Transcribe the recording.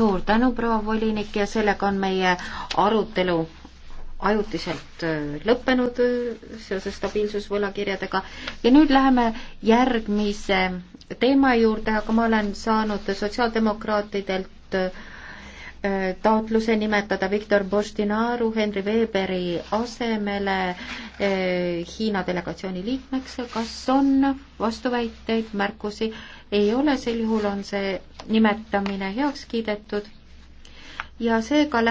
suur tänu, proua volinik ja sellega on meie arutelu ajutiselt äh, lõppenud äh, seoses stabiilsusvõlakirjadega ja nüüd läheme järgmise teema juurde, aga ma olen saanud sotsiaaldemokraatidelt äh, taotluse nimetada Viktor Borstinaru Henry Weberi asemele Hiina delegatsiooni liikmeks. kas on vastuväiteid, märkusi? ei ole, sel juhul on see nimetamine heaks kiidetud ja seega läheb